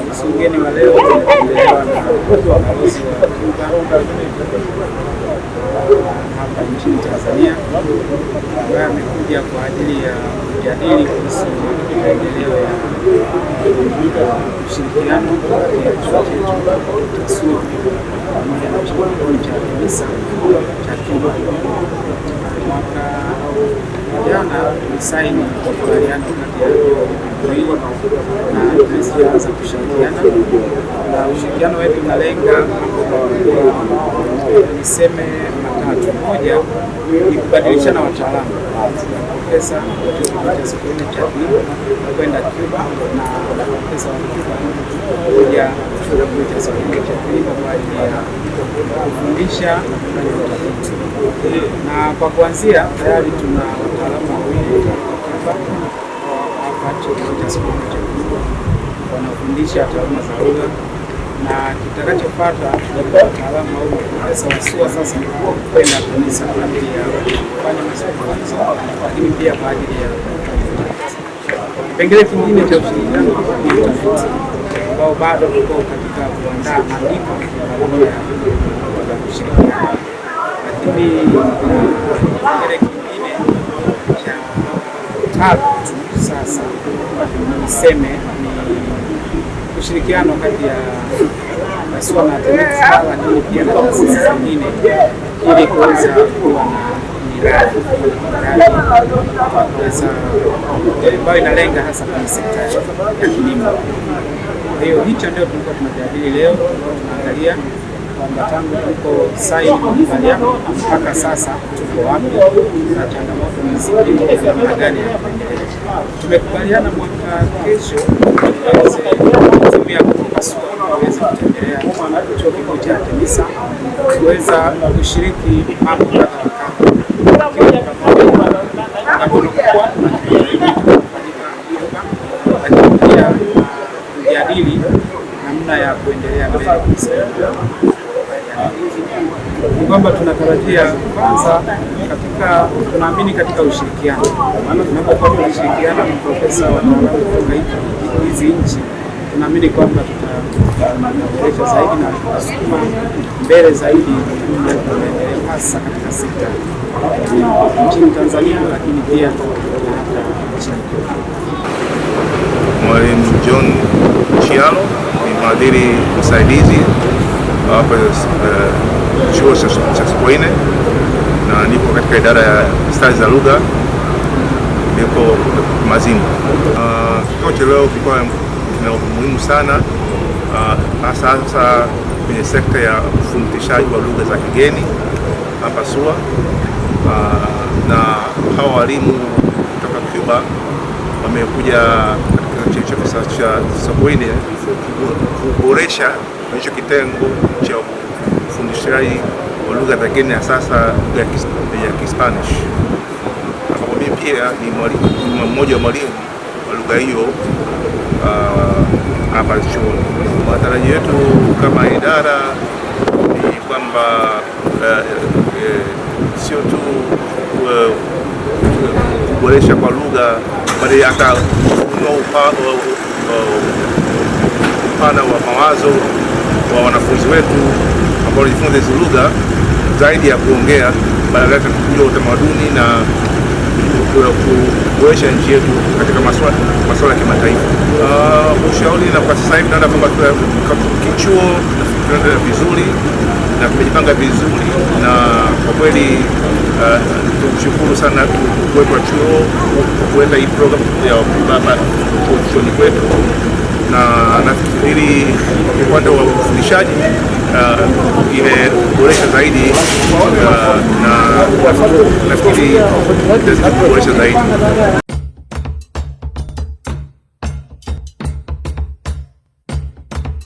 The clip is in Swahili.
Mgeni wa leo tumetembelewa na balozi wa Cuba hapa nchini Tanzania ambaye amekuja kwa ajili ya kujadili kuhusu maendeleo ya ushirikiano kati ya chuo chetu TASURI pamoja na chuo kikuu cha Hamisa cha Cuba mwaka jana tumesaini makubaliano kati ya na tumeziaa za kushirikiana, na ushirikiano wetu unalenga niseme matatu. Moja ni kubadilishana wataalamu pesa kwenda Cuba na pesa wa Cuba kuja kwa ajili ya kufundisha utafiti, na kwa kuanzia tayari tuna wataalamu wawili hapa Chuo wanafundisha taaluma za lugha, na kitakachofuata wataalamu au pesa wasua sasa kwenda kanisa kwa ajili ya kufanya mazungumzo, lakini pia kwa ajili ya kipengele kingine cha ushirikiano ni utafiti ambao bado tuko katika kuandaa andiko pamoja za kushirikiana, lakini kipengele kingine cha tatu sasa niseme ni ushirikiano kati ya TASUWA na TANESCO, lakini pia na taasisi zingine ili kuweza kuwa na miradi kuweza ambayo inalenga hasa kwenye sekta ya kilimo. Kwa hiyo hicho ndio tulikuwa tunajadili leo, tunaangalia kwamba tangu tuko saini makubaliano mpaka sasa tuko wapi na changamoto ni namna gani ya Tumekubaliana mwaka kesho tunatumia kutoka SUA tuweze kutembelea chuo kikuu cha Artemisa kuweza kushiriki mambo kadha wa kadha kujadili namna ya kuendelea mbele ni kwamba tunatarajia kwanza, katika tunaamini katika ushirikiano, maana tunapokuwa tunashirikiana na profesa kutoka hizi nchi, tunaamini kwamba tutaboresha zaidi na tutasukuma mbele zaidi maendeleo, hasa katika sekta nchini Tanzania, lakini pia hata nchini Mwalimu John Kialo ni mhadhiri msaidizi hapa eh, chuo cha Sokoine na nipo katika idara ya stadi za lugha, niko Mazimbu. Uh, ah, kikao cha leo kilikuwa kina umuhimu sana ah, hasa hasa kwenye sekta ya ufundishaji wa lugha za kigeni hapa SUA uh, na hawa walimu kutoka Cuba wamekuja katika chuo cha cha Sokoine kuboresha hicho kitengo cha ufundishaji wa lugha za kigeni sasa lugha ya Kispanish, ambapo mimi pia ni mmoja wa mwalimu wa lugha hiyo ah, hapa chuoni. Matarajio yetu kama idara ni kwamba eh, eh, sio tu eh, kuboresha kwa lugha bali hata upana wa mawazo wa wanafunzi wetu ambao walijifunza hizo lugha zaidi ya kuongea, badala yake kujua utamaduni na kuboresha nchi yetu katika masuala ya kimataifa. Uh, ushauri na kwa sasa hivi naona kwamba kichuo tunaendelea vizuri na tumejipanga vizuri na kwa kweli uh, tumshukuru sana kuwekwa chuo kuenda hii program ya baba hapa chuoni kwetu, na nafikiri upande wa ufundishaji uh, imeboresha zaidi uh, na nafikiri itazidi kuboresha zaidi.